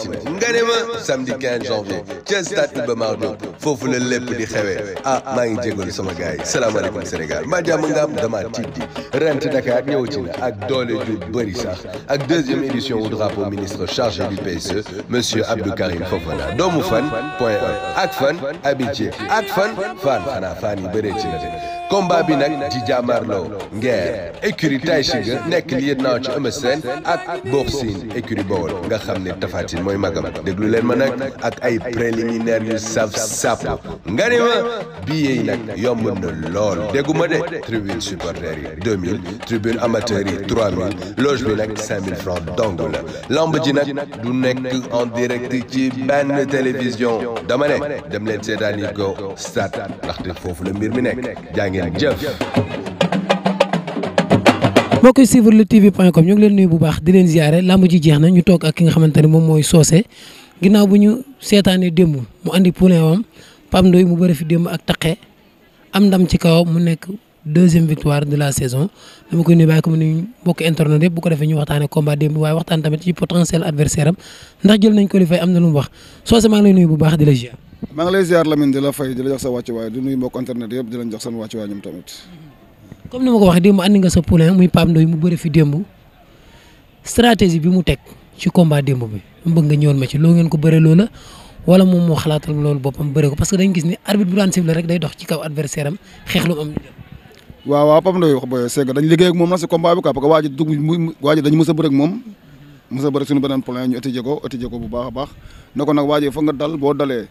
altine nga ne ma samedi 15 janvier ca stade Iba Mar lépp di xewee ah, ah maa ngi jégalu sama gars yi salaamaaleykum Sénégal maa jàmm nga dama tiit di rent Dakar ñëw ci na ak doole ju bëri ak deuxième émission wu drapeau ministre chargé du PSE monsieur Abdou Karim Fofana doomu fan point 1 ak fan Abidjan ak fan fan xanaa fan yi bëree ci na de combat bi nag di jàmmaarloo ngeer écurie tay shiga nekk li yéen naaw ci Eumeu ak Boursin écurie Bawol nga xam ne Tapha Tine mooy magam déglu leen ma nag ak ay préliminaires yu saf sàpp nga ni ma billet yi nag yomb na lool déggu ma de tribune supporters yi 2000 tribune amateurs yi 3000 loge bi nag 5000 francs dong la lamb ji nag du nekk en direct ci benn télévision dama ne dem leen seetaani ko stade foofu la mbir mi nekk jaajëf moo koy suivre lu tv point com ñu ngi leen nuyu bu baax di leen ziare làmb ji jeex na ñu toog ak ki nga xamante ne moom mooy Socé ginnaaw bu ñu seetaanee démb mu indi poulain wam Pape Ndoye mu bëri fi démb ak taqe am ndam ci kaw mu nekk deuxième victoire de la saison dama koy nuyu bàyyi ko mu nuyu mbokk internet yëpp bu ko defee ñu waxtaanee combat dem waaye waxtaan tamit ci potentiel adversaire am ndax jël nañ ko li fay am na lu mu wax Socé maa ngi lay ziar la fay di la jox sa wàccuwaay di nuyu mbokk internet tamit. comme ni ma ko waxee démb andi nga sa poulain muy Pape Ndoye mu bëri fi démb stratégie bi mu teg ci combat démb bi mu bëgg nga ñëwoon ma ci loo ngeen ko bëree moo xalaatal loolu boppam bëri ko parce que dañu gis ni arbitre bu daan waaw waaw Pape Ndoye wax ba dañ liggéey ak moom nag si combat bi quoi waa a bëri ak moom mës a bëri ko étudier ko bu baax a baax ne ko nag waa ji nga dal boo dalee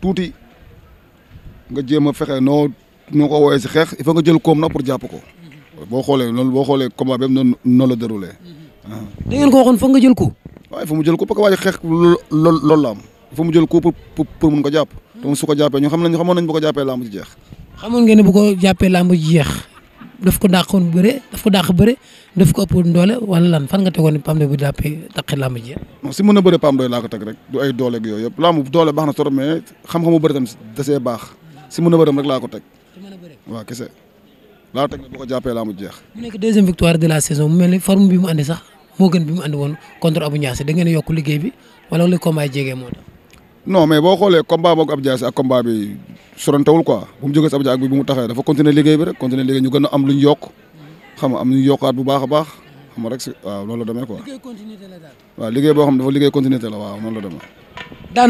tuuti nga jéem a fexe noo noo ko woowee si xeex il faut nga jël koom na pour jàpp ko boo xoolee loolu boo xoolee combat bi noonu noonu la déroulé. da ngeen ko waxoon foog nga jël ko. waaw il mu jël ko parce que waa ji xeex loolu la am il mu jël ko pour pour mun ko jàpp. donc su ko jàppee ñu xam nañ xamoon nañ bu ko jàppee làmb ji jeex. xamoon ngeen ne bu ko jàppee làmb ji jeex. def ko dàqoon bëre daf ko dàq bëre def ko ëppoon doole wala lan fan nga tegoon woon Pape Ndoye bu jàppee taqi làmb ji non si mën a bëre Pape Ndoye laa ko teg rek du ay yëpp làmb doole baax na a bëram laa ko teg waaw kese laa ko jeex mu nekk deuxième victoire de la saison mu mel ni forme bi mu andi sax moo gën bi mu andi woon contre Abou Niassé da ngeen yokk liggéey bi wala li combat jegee moo tax non mais boo xoolee combat boog Abou Niassé ak combat bi sorantewul quoi bu mu jógee si ab jaag bi bu mu taxee dafa continuer liggéey bi rek continuer liggéey ñu gën a am lu ñu yokk xam am lu ñu yokkaat bu baax a baax xam nga rek si waaw loolu la demee quoi. liggéey waaw liggéey boo xam ne dafa liggéey continuité la waaw noonu la demee.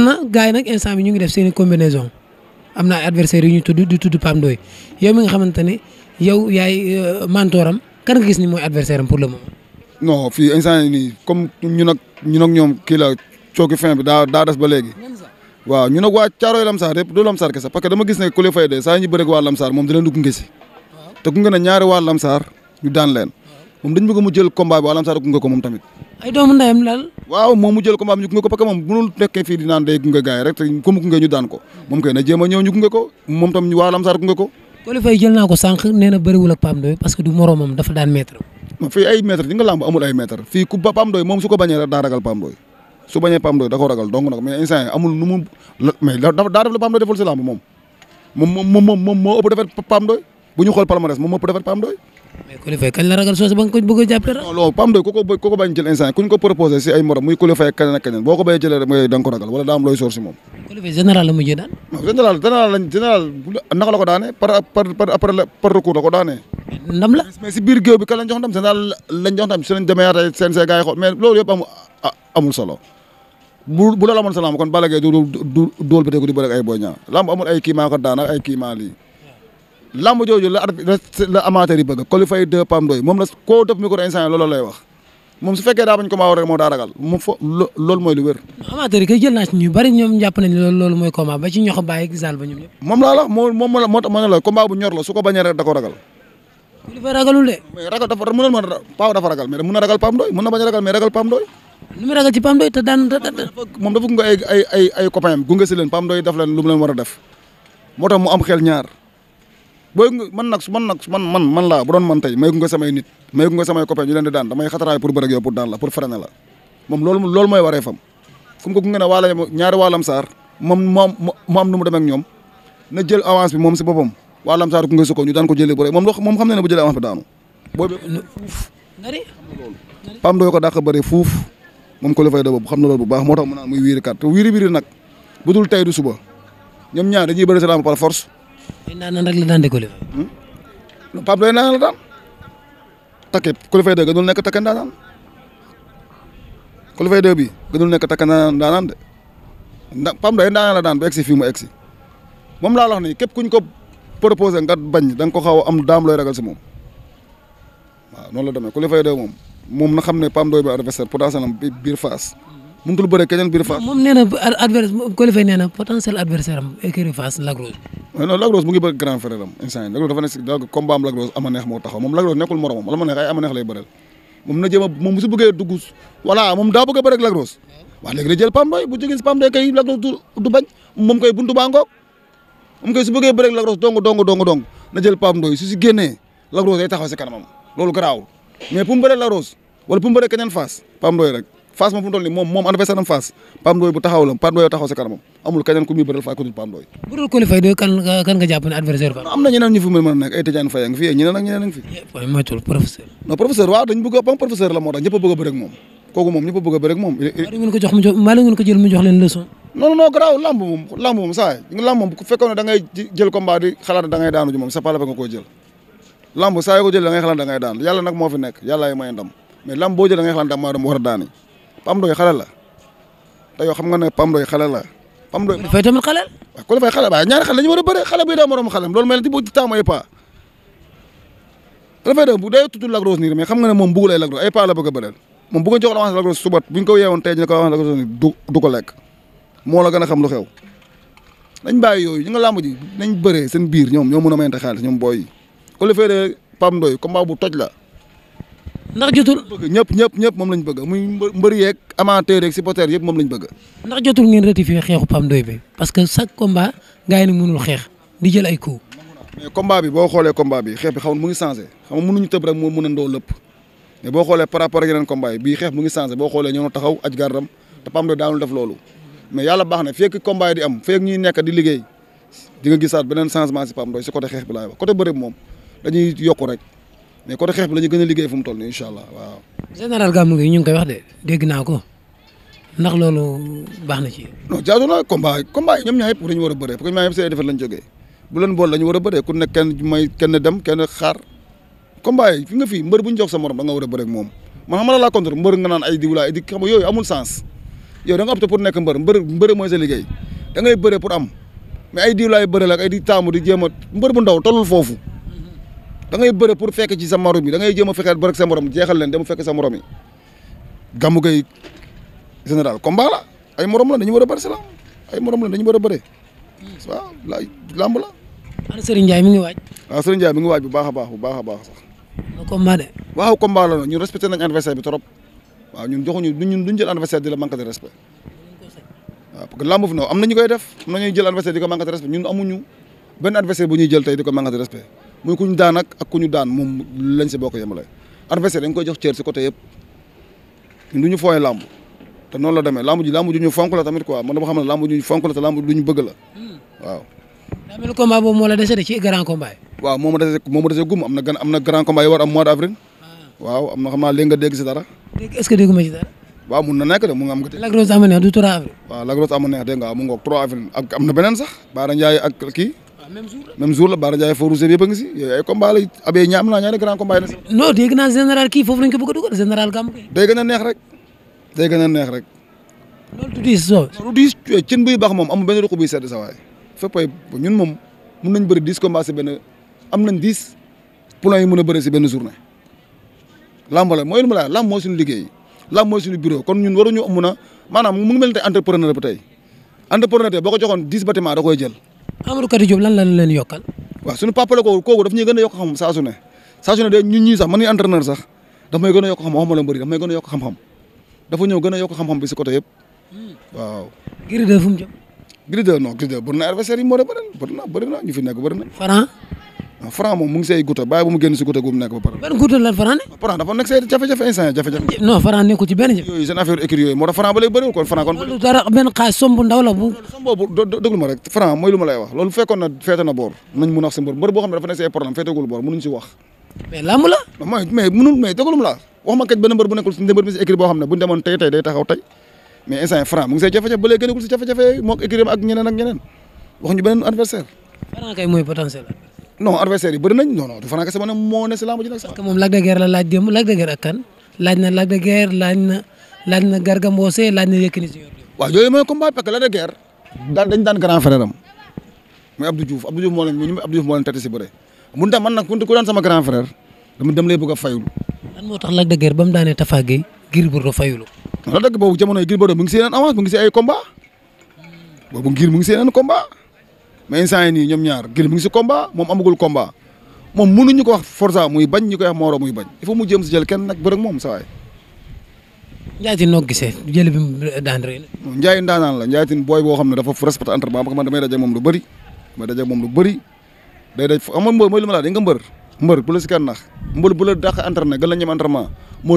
na gars yi nag instant bi ñu ngi def seen i combinaison am na ay adversaires yu ñu tudd di tudd Pam nga xamante ne yow yaay euh, mentoram kan nga gis ni mooy adversaire am pour le moment. non fii instant yii comme ñun ak ñun ak ñoom kii la cooki fin bi daa daa des ba léegi waaw ñu nag waa Caaroy Lamsaar yëpp du Lamsaar kese parce que dama gis ne Coulé Faye de saa ñu bëreeg waa Lamsaar moom dina dugg nge si te gunge na ñaari waa Lamsaar ñu daan leen moom dañ mu jël combat bi waa Lamsaar gunge ko moom tamit ay doomu ndeyam lal waaw moom mu jël ko parce que moom mënul nekkee fii di naan day gunge gars yi rek te ku mu gunge ñu daan na jéem a ñëw ñu gunge ko moom tam waa Lamsaar gunge ko Coulé Faye jël naa ko sànq nee na bëriwul ak Pam parce que du moromam dafa daan maître fii ay maître di nga làmb amul ay maître fii ku Pam Doy moom su su bañee Pape Ndoye da ko ragal donc nag mais instant yi amul nu mu mais daa def la Pape Ndoye defal si lamb moom moom moom moom moom moo ëpp defet Pape Ndoye bu ñu xool palmarès moom moo ëpp defet Pape Ndoye mais Coly kañ la ragal soose ba nga ko bëgg a jàppale non non Pape Ndoye ku ko ku ko bañ jël instant ku ñu ko proposé si ay morom muy Coly Faye ak keneen ak keneen boo ko bañee jëlee rek da nga ko ragal wala daa am looy soor si moom Coly général la mujjee daan général général lañ général naka la ko daanee par par par par recours la ko daanee ndam la mais si biir géew bi kan lañ jox ndam général lañ jox ndam si lañ demee yaata seen see gars yi xool mais loolu yëpp amul amul solo bu bu loolu amoon sa lamb kon Balla Gaye du du dóol ba tey di bëre ak ay Boy Niang lamb amul ay kii maa ko daan ak ay kii maa lii. lamb jooju la la amateur yi bëgg qualifié deux pam doy moom la koo def micro instant loolu lay wax moom su fekkee daa bañ ko combat rek moo daa ragal mu fo loolu mooy lu wér. amateur yi kay jël naa ci ñu bari ñoom jàpp nañ loolu loolu mooy combat ba ci ñox bàyyi gisal ba ñoom ñëpp. moom laa la moo moo moo tax ma ne la combat bu ñor la su ko bañee rek da ko ragal. li fa ragalul de. mais ragal dafa mën na mën a paaw dafa ragal mais mën na ragal pam doy mën na bañ a ragal mais ragal pam doy lu muy ragal ci Pam Ndoye te daan moom dafa gunge ay ay ay ay copain am gunge leen Pam Ndoye def leen lu leen war a def moo tax mu am xel ñaar booy man nag man nag man man man laa bu man tey may gunge samay nit may gunge samay copain ñu daan damay xataraay pour bërëg yow pour daan la pour freiner moom mooy waree fam fu mu ko gunge ne waala saar moom moom mu am nu mu demee ñoom na jël avance bi moom si boppam waalam saar gunge su ko ñu daan ko jëlee bu rek moom moom xam ne ne bu jëlee avance bi daanu booy bi fuuf Pam Ndoye ko dàq bëri fuuf moom ko la fay da boobu xam na loolu bu baax moo tax mu naan muy wiiri kat wiiri wiiri nag bu dul tey du suba ñoom ñaar dañuy bëri sa par force. day naan rek la daan di ko hmm? naan la daan takk ku la fay da gënul nekk takk ndaanaan ku la fay bi gënul nekk takk ndaanaan de ndax Pape day la daan ba egg si fii mu egg si moom laa wax ni képp kuñ ko proposé nga bañ da nga ko xaw a am daam looy ragal si moom waaw noonu la demee ku la fay da moom. moom na xam ne Pam Ndoye bi adversaire potentiel am biir Fass. mënutul bëre keneen biir Fass. moom nee na adversaire Coly nee na potentiel adversaire am écurie Fass Lac Rose. non Lac Rose mu ngi bëgg grand frère am instant yii Lac Rose dafa ne si dafa combat am Lac Rose ama neex moo taxaw moom Lac Rose nekkul moromam wala ma neex ay ama neex lay bëreel moom na jéem a moom su bëggee dugg voilà moom daa bëgg a bëre ak Lac Rose. waaw léegi la jël Pam Ndoye bu jógee si Pam Ndoye kay Lac Rose du bañ moom koy buntu baa ngoog moom koy su bëggee bëre ak Lac Rose dong dong dong dong na jël Pam Ndoye su si génnee Lac Rose day taxaw si kanamam loolu garaawul mais pour mu bëre Lac Rose wala bu mu bëree keneen Fass Pape Ndoye rek Fass moom fu mu toll bu taxaw la Pape Ndoye taxaw si kanamam amul keneen ku muy bëreel Fass na a a ngi a ngi eh, a professeur la moo tax ñëpp a a bëre ko jël mu jox leen leçon. non non garaaw lamb moom moom saa moom bu fekkoon ne moom c'est pas la jël lamb xalaat da ngay daan yàlla nag moo fi nekk yàlla ay ndam mais lamb boo jël da ngay xalaat war a daani Pam Ndoye xale la te xam nga ne Pam Ndoye xale la. Pam Ndoye dafay tamit xale. waaw ku dafay xale waaye ñaari xale dañu a bëre xale buy daw moroom bu dee tudd Lac Rose mais xam nga ne moom bëggul ay Lac ay pas la bëgg a bëreel moom bu nga jox la avance Lac Rose suba bu ñu ko yeewoon tey ñu ko avance Lac Rose du du ko lekk moo la gën a xam lu xew. dañ bàyyi yooyu ñu nga làmb ji nañ bëree seen biir ñoom ñoo mën a mayante xaalis ñoom booy yi. ku la fay de Pam Ndoye combat bu ndax jotul ñëpp ñëpp ñëpp moom lañ bëgg muy mbër yeeg amateur yeeg supporter yëpp moom lañ bëgg. ndax jotul ngeen ratifié xeexu Pape Ndoye bi que chaque combat gars xeex di jël ay coups. bi boo xoolee combat bi xeex bi xaw mu ngi changé xam nga mënuñu tëb rek moo mën a ndoo lépp mais boo xoolee par rapport ak yeneen combat yi xeex mu ngi changé boo xoolee ñoo taxaw aj gardam te Pape Ndoye daanul def loolu mais yàlla baax na fekk combat yi di am fekk ñuy nekk di liggéey di nga gisaat beneen changement si Pape Ndoye si moom dañuy yokku rek mais côté xeex bi la ñu gën a liggéey fu mu toll allah waaw. général Gamou Gueye ñu ngi de dégg naa ko ndax loolu baax na ci. non jaadu na combat combat yi ñoom a bëree parce que ñoom ñaar yëpp seen defet lañ jógee bu leen bool la ñu war a bëree ku nekk kenn may kenn dem kenn xaar combat yi fi nga fi mbër bu ñu jox sa morom da nga war a bëree ak moom man xam nga laa contre mbër nga naan ay diw ay di xam nga yooyu amul sens yow da nga opté pour nekk mbër mbër mbër mooy sa liggéey da ngay bëree pour am mais ay diw laay bëree la ak ay di taamu di jéem a mbër bu ndaw tollul foofu da ngay bëre pour fekk ci sa morom yi da ngay a fexe ba rek sa morom jeexal leen dem fekk sa morom yi Gamou général combat ay morom la dañu war a bëri si ay morom la dañu war a bëree waaw lamb la. ana Serigne Ndiaye mi ngi waaj. waaw ah, Serigne Ndiaye mi ngi waaj bu baax bu baax a baax sax. waaw combat de. waaw combat la ñun respecté nañ adversaire bi trop waaw ñun joxuñu ñun duñ jël adversaire di la manque de respect. waaw parce que lamb fi noonu am na ñu koy def am na ñuy jël adversaire di ko manque ñun amuñu benn adversaire bu ñuy jël tey di ko manque de respect. muy ku ñu daan ak ak daan moom lañ si bokk yemale. adversaire dañ koy jox si côté yëpp ñun du ñu fooyee làmb te noonu la demee làmb ji làmb ji ñu fonk la tamit quoi man dama xam ne làmb hmm. dese gum am na grand combat ah. am na xam am. na neex du 3 avril. waaw Lac am na neex dégg ngoog 3 avril am na beneen sax Baara Ndiaye ak même jour la Bara Ndiaye foo rouge yëpp a ngi si ay combat ñaam naa ñaari grand combat yi na non dégg naa général kii foofu lañ ko bëgg a dugal général Gamb day gën a neex rek day gën a neex rek loolu du diis so du diis eh, buy baax moom amul benn ruq buy sedd sa waay fépp ay ñun moom mun nañ bëri dix combat si benn am nañ dix poulain yi mun a bëri si benn journée lamb la mooy lu ma la lamb mooy suñu liggéey lamb mooy suñu bureau kon ñun wa maanaam mu ngi mel ne tey entrepreneur ba tey boo ko joxoon dix bâtiment da koy jël Amadou Katy Diop lan lan leen yokkal. waaw suñu papa la ko ñuy gën a yokk xam saa su ne saa su ne de ñun ñii sax man ñuy sax daf may gën a yokk xam waxuma a yokk xam-xam dafa ñëw gën a yokk xam-xam bi si côté yëpp hmm. waaw. Gris 2 fu mu jëm. Gris 2 non Gris 2 bëri na adversaire de bëri na ñu fi nekk bëri na. Franc. Franc moom mu ngi say guta bàyyi bu mu génn si guta gu nekk ba pare. benn nekk say jafe-jafe instant jafe-jafe. jafe. yooyu seen mu ngi say jafe-jafe ba lay génnagul ak ñeneen ak ñeneen wax ñu beneen adversaire kay mooy potentiel non adversaire yi bëri nañ non non du Franc kese ma ne moo ne si lamb ji nag sax. parce que moom Lac de Guiers la laaj démb de Guiers laaj na Lac de Guiers laaj na laaj na Garga Mbossé laaj na Yékini si yor waaw mooy combat parce que Lac daan daan grand frère am mooy Abdou Diouf Abdou Diouf moo leen ñu Abdou Diouf moo leen tati si bëre mun tam man nag ku daan sama grand frère dama dem lay bëgg a fayul. lan moo tax Lac de Guiers ba mu daanee Tapha Gueye Gris Bordeaux fayulu la dëgg boobu jamono yi Gris Bordeaux mu ngi seen avance mu mu ngi seen mais instant nii ñoom ñaar Gris mu ngi si combat moom amagul combat moom mënuñu ko wax Forza muy bañ ñu ko wax Moro muy bañ il faut mu jéem si jël kenn nag bëri moom sa waay. Ndiaye Tine gisee jël bi mu daan rëy na. Ndiaye la Ndiaye Tine booy boo xam ne dafa respecté entraînement ba man damay daje moom lu bëri damay daje moom lu bëri day daj am na mbër mooy li ma la di nga mbër mbër bu la si kenn nax mbër bu la dàq entraîné gën la ñem entraînement bu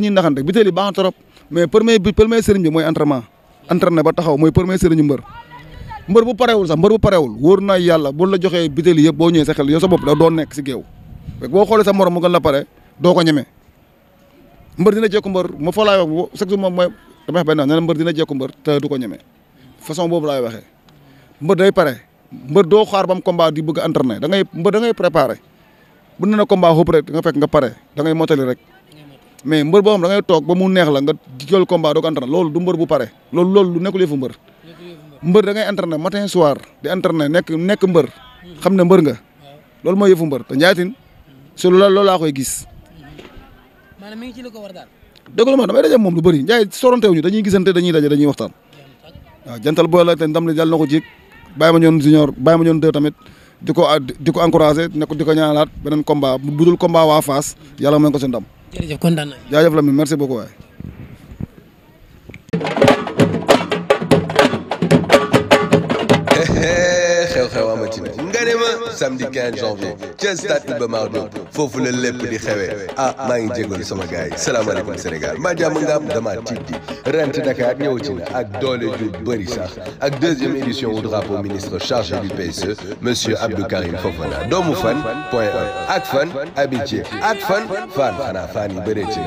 ñuy naxante bi teel yi baax na trop bi premier sëriñ bi mooy entraîné ba taxaw mooy premier sëriñu mbër mbër bu parewul sax mbër bu parewul wóor naa yàlla bu la joxee bitéel yëpp boo ñëwee sa xel yow sa bopp da doon nekk si géew boo xoolee sa morom mu gën la pare doo ko ñeme mbër dina mbër ma fa laay wax chaque jour moom mooy dama wax benn wax ne mbër te du ko ñeme façon boobu laay waxee mbër day pare mbër doo xaar ba mu combat di bëgg a entraîné da ngay mbër da ngay préparé bu ne na combat xóob rek nga fekk nga pare da motali rek mais mbër boo xam da toog ba mu neex la nga jël combat doo ko loolu du mbër bu pare loolu loolu lu nekkul yëfu mbër mbër da ngay entraîné matin soir di entraîné nekk nekk mbër xam ne mbër nga loolu mooy yëfu mbër te Ndiaye Tine su loolu laa koy gis. maanaam mi ngi ci li ko war daal. moom lu bëri Ndiaye soronte wuñu dañuy gisante dañuy daje dañuy waxtaan waaw jantal boo la te ndam li jàll na ko jéeg bàyyi ma ñoon junior bàyyi ma ñoon deux tamit di ko di ko encouragé ne ko ko ñaanalaat beneen combat bu dul combat waa Fass yàlla mën ko seen ndam jërëjëf kontaan nañu. jaajëf Lamine merci beaucoup waay. samedi 15 janvier ca stade Iba Mar Diop foofu la lépp di xewee ah maa ngi jégalu sama gars yi salaamaaleykum Sénégal maa jàmm nga am dama tiit rent Dakar ñëw ci ak doole ju bëri ak deuxième émission wu drapeau ministre chargé du PSE monsieur Abdou Karim Fofana doomu fan point 1 ak fan Abidjan ak fan fan xanaa fan yi bëree ci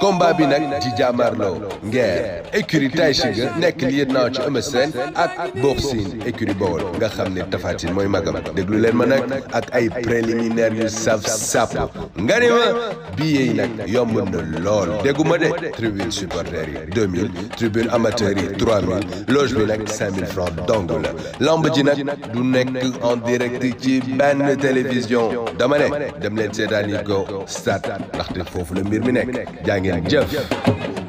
combat bi nag di jàmmarloo ngeer écurie tay shiga nekk li yéen naaw ci ak Boursin écurie Bawol nga xam ne Tapha Tine mooy magam déglu leen ma nag ak ay préliminaires yu saf sàpp nga ni ma billets nag yomb na lool déggu ma de tribune supporters yi 2000 tribune amateurs yi 3000 loge bi nag 5000 francs dong la lamb ji nag du nekk en direct ci benn télévision dama ne dem leen seetaani ko stade ndaxte foofu la mbir mi nekk a ngeen jëf